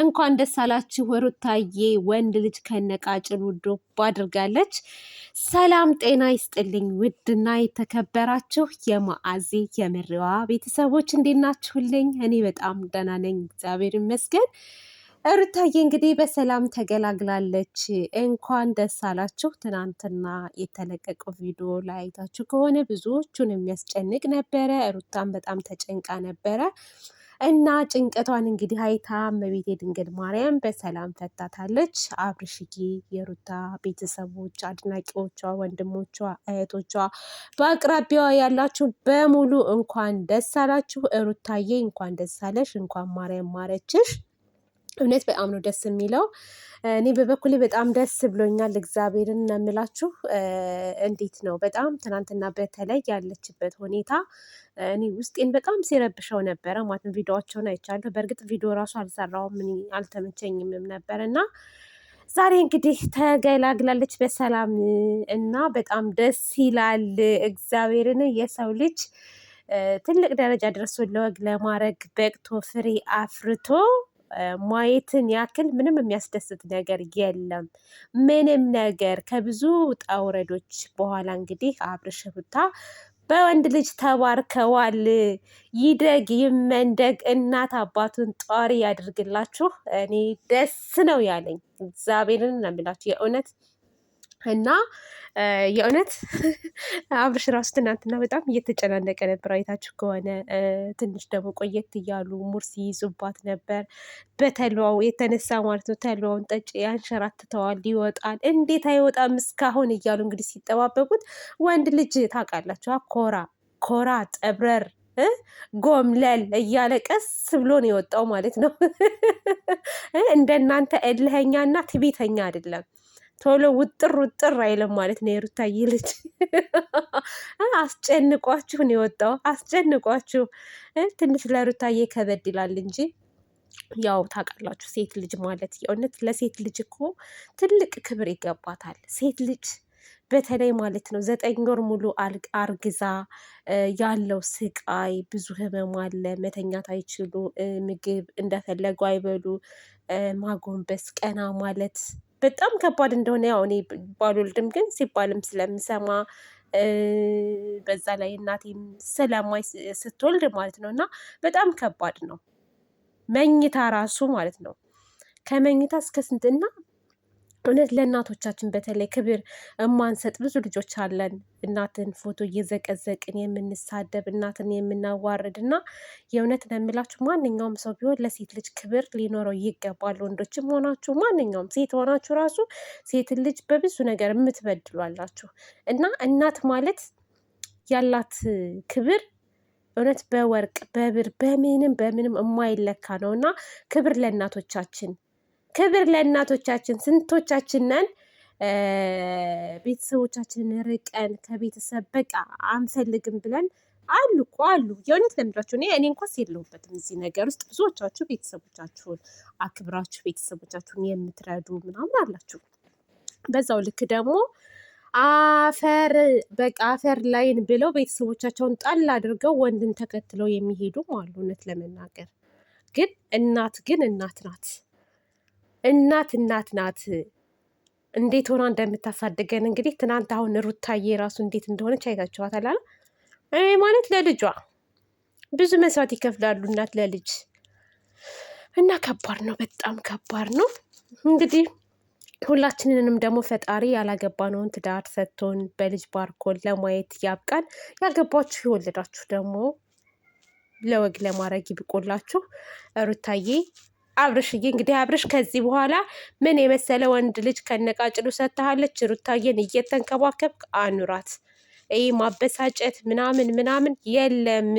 እንኳን ደስ አላችሁ ሩታዬ፣ ወንድ ልጅ ከነቃጭሉ ዶብ አድርጋለች። ሰላም ጤና ይስጥልኝ። ውድና የተከበራችሁ የማአዚ የምሪዋ ቤተሰቦች እንዴት ናችሁልኝ? እኔ በጣም ደህና ነኝ፣ እግዚአብሔር ይመስገን። ሩታዬ እንግዲህ በሰላም ተገላግላለች። እንኳን ደስ አላችሁ። ትናንትና የተለቀቀው ቪዲዮ ላይ አይታችሁ ከሆነ ብዙዎቹን የሚያስጨንቅ ነበረ። ሩታን በጣም ተጨንቃ ነበረ እና ጭንቀቷን እንግዲህ አይታ እመቤቴ ድንግል ማርያም በሰላም ፈታታለች። አብርሽጌ የሩታ ቤተሰቦች፣ አድናቂዎቿ፣ ወንድሞቿ፣ እህቶቿ በአቅራቢያዋ ያላችሁ በሙሉ እንኳን ደስ አላችሁ። ሩታዬ እንኳን ደስ አለሽ፣ እንኳን ማርያም ማረችሽ። እውነት በጣም ነው ደስ የሚለው። እኔ በበኩሌ በጣም ደስ ብሎኛል። እግዚአብሔርን ነው የምላችሁ። እንዴት ነው በጣም ትናንትና በተለይ ያለችበት ሁኔታ እኔ ውስጤን በጣም ሲረብሸው ነበረ ማለት ነው። ቪዲዮዋቸውን አይቻለሁ። በእርግጥ ቪዲዮ ራሱ አልሰራውም አልተመቸኝምም ነበር እና ዛሬ እንግዲህ ተገላግላለች በሰላም እና በጣም ደስ ይላል። እግዚአብሔርን የሰው ልጅ ትልቅ ደረጃ ደርሶ ለወግ ለማድረግ በቅቶ ፍሬ አፍርቶ ማየትን ያክል ምንም የሚያስደስት ነገር የለም። ምንም ነገር ከብዙ ውጣ ውረዶች በኋላ እንግዲህ አብርሽ ሩታ በወንድ ልጅ ተባርከዋል። ይደግ ይመንደግ፣ እናት አባቱን ጧሪ ያድርግላችሁ። እኔ ደስ ነው ያለኝ፣ እግዚአብሔርን ነው የእውነት እና የእውነት አብርሽ ራሱ ትናንትና በጣም እየተጨናነቀ ነበር። አይታችሁ ከሆነ ትንሽ ደግሞ ቆየት እያሉ ሙርሲ ሲይዙባት ነበር። በተልባው የተነሳ ማለት ነው። ተልባውን ጠጭ ያንሸራትተዋል፣ ይወጣል። እንዴት አይወጣም እስካሁን እያሉ እንግዲህ ሲጠባበቁት፣ ወንድ ልጅ ታውቃላችሁ፣ ኮራ ኮራ ጠብረር ጎምለል እያለ ቀስ ብሎ ነው የወጣው ማለት ነው። እንደናንተ እልኸኛና ትዕቢተኛ አይደለም። ቶሎ ውጥር ውጥር አይለም ማለት ነው። የሩታዬ ልጅ አስጨንቋችሁ ነው የወጣው። አስጨንቋችሁ ትንሽ ለሩታዬ ከበድ ይላል እንጂ ያው ታውቃላችሁ፣ ሴት ልጅ ማለት የእውነት ለሴት ልጅ እኮ ትልቅ ክብር ይገባታል። ሴት ልጅ በተለይ ማለት ነው ዘጠኝ ወር ሙሉ አርግዛ ያለው ስቃይ፣ ብዙ ህመም አለ። መተኛት አይችሉ፣ ምግብ እንደፈለጉ አይበሉ፣ ማጎንበስ፣ ቀና ማለት በጣም ከባድ እንደሆነ ያው እኔ ባልወልድም ግን ሲባልም ስለምሰማ በዛ ላይ እናቴም ስለማይ ስትወልድ ማለት ነው እና በጣም ከባድ ነው። መኝታ ራሱ ማለት ነው ከመኝታ እስከ ስንት እና እውነት ለእናቶቻችን በተለይ ክብር እማንሰጥ ብዙ ልጆች አለን። እናትን ፎቶ እየዘቀዘቅን የምንሳደብ እናትን የምናዋርድ እና የእውነት ነው ማንኛውም ሰው ቢሆን ለሴት ልጅ ክብር ሊኖረው ይገባል። ወንዶችም ሆናችሁ ማንኛውም ሴት ሆናችሁ ራሱ ሴትን ልጅ በብዙ ነገር የምትበድሏላችሁ እና እናት ማለት ያላት ክብር እውነት በወርቅ በብር በምንም በምንም የማይለካ ነው እና ክብር ለእናቶቻችን ክብር ለእናቶቻችን። ስንቶቻችንን ቤተሰቦቻችንን ርቀን ከቤተሰብ በቃ አንፈልግም ብለን አሉ እኮ አሉ። የእውነት ለምዳችሁ እኔ እኔ እንኳስ የለሁበትም እዚህ ነገር ውስጥ። ብዙዎቻችሁ ቤተሰቦቻችሁን አክብራችሁ ቤተሰቦቻችሁን የምትረዱ ምናምን አላችሁ። በዛው ልክ ደግሞ አፈር በቃ አፈር ላይን ብለው ቤተሰቦቻቸውን ጣል አድርገው ወንድን ተከትለው የሚሄዱም አሉ። እውነት ለመናገር ግን እናት ግን እናት ናት። እናት እናት ናት። እንዴት ሆና እንደምታሳድገን እንግዲህ ትናንት አሁን ሩታዬ ራሱ እንዴት እንደሆነች አይታችኋታል። እኔ ማለት ለልጇ ብዙ መስዋዕት ይከፍላሉ እናት ለልጅ እና ከባድ ነው፣ በጣም ከባድ ነው። እንግዲህ ሁላችንንም ደግሞ ፈጣሪ ያላገባነውን ትዳር ሰጥቶን በልጅ ባርኮን ለማየት ያብቃን። ያገባችሁ የወለዳችሁ ደግሞ ለወግ ለማድረግ ይብቆላችሁ። ሩታዬ አብርሽዬ እንግዲህ አብርሽ ከዚህ በኋላ ምን የመሰለ ወንድ ልጅ ከነቃጭሉ ሰጥተሃለች። ሩታዬን እየተንከባከብ አኑራት። ይህ ማበሳጨት ምናምን ምናምን የለም።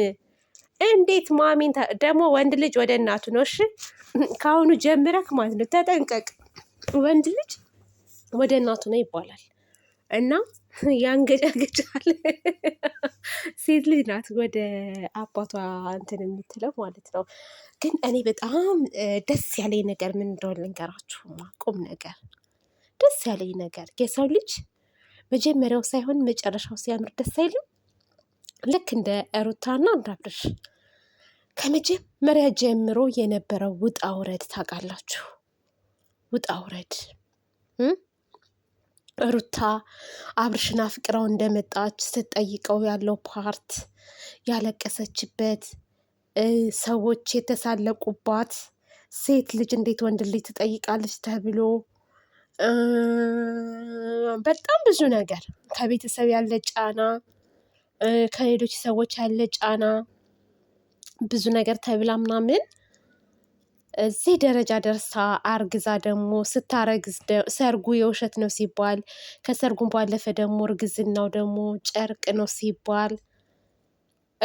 እንዴት ማሚን ደግሞ ወንድ ልጅ ወደ እናቱ ነው። እሺ ከአሁኑ ጀምረክ ማለት ነው፣ ተጠንቀቅ። ወንድ ልጅ ወደ እናቱ ነው ይባላል። እና ያንገጫገጫል። ሴት ልጅ ናት ወደ አባቷ እንትን የምትለው ማለት ነው። ግን እኔ በጣም ደስ ያለኝ ነገር ምን እንደሆነ ልንገራችሁማ፣ ቁም ነገር ደስ ያለኝ ነገር የሰው ልጅ መጀመሪያው ሳይሆን መጨረሻው ሲያምር ደስ አይልም? ልክ እንደ ሩታና እንዳብርሽ ከመጀመሪያ ጀምሮ የነበረው ውጣ ውረድ ታውቃላችሁ፣ ውጣ ውረድ ሩታ አብርሽን አፍቅረው እንደመጣች ስትጠይቀው ያለው ፓርት ያለቀሰችበት፣ ሰዎች የተሳለቁባት፣ ሴት ልጅ እንዴት ወንድ ልጅ ትጠይቃለች ተብሎ በጣም ብዙ ነገር ከቤተሰብ ያለ ጫና፣ ከሌሎች ሰዎች ያለ ጫና ብዙ ነገር ተብላ ምናምን እዚህ ደረጃ ደርሳ አርግዛ ደግሞ ስታረግዝ ሰርጉ የውሸት ነው ሲባል ከሰርጉን ባለፈ ደግሞ እርግዝናው ደግሞ ጨርቅ ነው ሲባል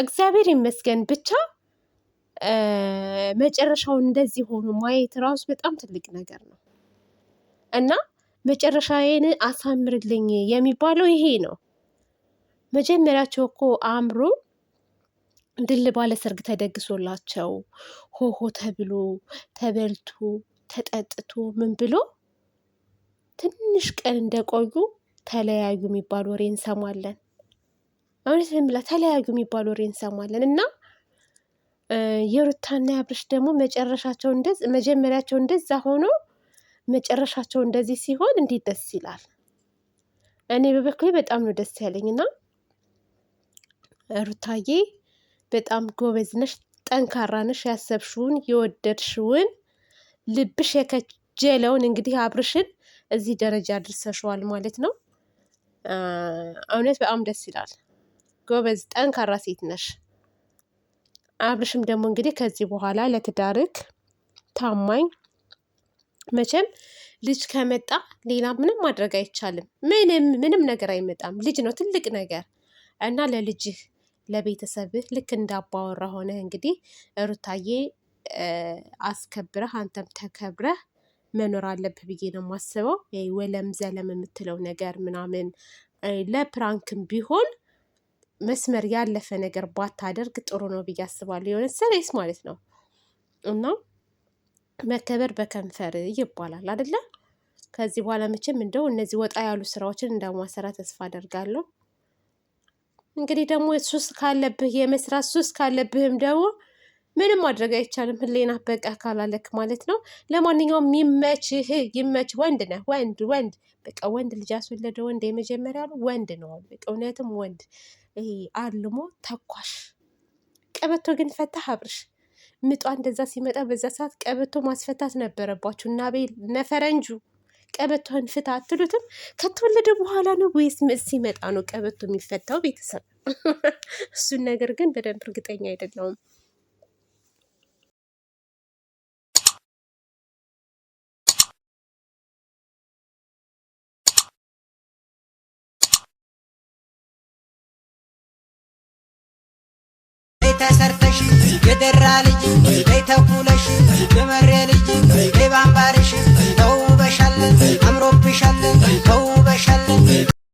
እግዚአብሔር ይመስገን ብቻ መጨረሻውን እንደዚህ ሆኖ ማየት ራሱ በጣም ትልቅ ነገር ነው እና መጨረሻዬን አሳምርልኝ የሚባለው ይሄ ነው። መጀመሪያቸው እኮ አእምሮ ድል ባለ ሰርግ ተደግሶላቸው ሆሆ ተብሎ ተበልቶ ተጠጥቶ ምን ብሎ ትንሽ ቀን እንደቆዩ ተለያዩ የሚባል ወሬ እንሰማለን። እውነት ምላ ተለያዩ የሚባል ወሬ እንሰማለን እና የሩታና ያብርሽ ደግሞ መጨረሻቸው እንደዚ መጀመሪያቸው እንደዛ ሆኖ መጨረሻቸው እንደዚህ ሲሆን እንዴት ደስ ይላል። እኔ በበኩሌ በጣም ነው ደስ ያለኝ እና ሩታዬ በጣም ጎበዝ ነሽ፣ ጠንካራ ነሽ። ያሰብሽውን የወደድሽውን ልብሽ የከጀለውን እንግዲህ አብርሽን እዚህ ደረጃ አድርሰሽዋል ማለት ነው። እውነት በጣም ደስ ይላል። ጎበዝ ጠንካራ ሴት ነሽ። አብርሽም ደግሞ እንግዲህ ከዚህ በኋላ ለትዳርክ ታማኝ መቼም ልጅ ከመጣ ሌላ ምንም ማድረግ አይቻልም። ምንም ምንም ነገር አይመጣም። ልጅ ነው ትልቅ ነገር እና ለልጅህ ለቤተሰብህ ልክ እንዳባወራ ሆነ እንግዲህ ሩታዬ አስከብረህ አንተም ተከብረህ መኖር አለብህ ብዬ ነው የማስበው። ወለም ዘለም የምትለው ነገር ምናምን ለፕራንክም ቢሆን መስመር ያለፈ ነገር ባታደርግ ጥሩ ነው ብዬ አስባለሁ። የሆነ ሰሬስ ማለት ነው እና መከበር በከንፈር ይባላል አይደለ? ከዚህ በኋላ መቼም እንደው እነዚህ ወጣ ያሉ ስራዎችን እንደማሰራ ተስፋ አደርጋለሁ። እንግዲህ ደግሞ ሱስ ካለብህ የመስራት ሱስ ካለብህም ደግሞ ምንም ማድረግ አይቻልም። ህሌና በቃ ካላለክ ማለት ነው። ለማንኛውም ይመችህ፣ ይመች። ወንድ ነህ፣ ወንድ ወንድ በቃ ወንድ ልጅ ያስወለደ ወንድ የመጀመሪያ ወንድ ነው። በቃ እውነትም ወንድ ይሄ አልሞ ተኳሽ። ቀበቶ ግን ፈታህ አብርሽ። ምጧ እንደዛ ሲመጣ በዛ ሰዓት ቀበቶ ማስፈታት ነበረባችሁ እና ቤል ነፈረንጁ ቀበቶን ፍታ አትሉትም? ከተወለደ በኋላ ነው ወይስ ሲመጣ ነው ቀበቶ የሚፈታው? ቤተሰብ እሱን ነገር ግን በደንብ እርግጠኛ አይደለውም። ተሰርተሽ የደራ ልጅ ቤተኩለሽ የመሬ ልጅ heaven.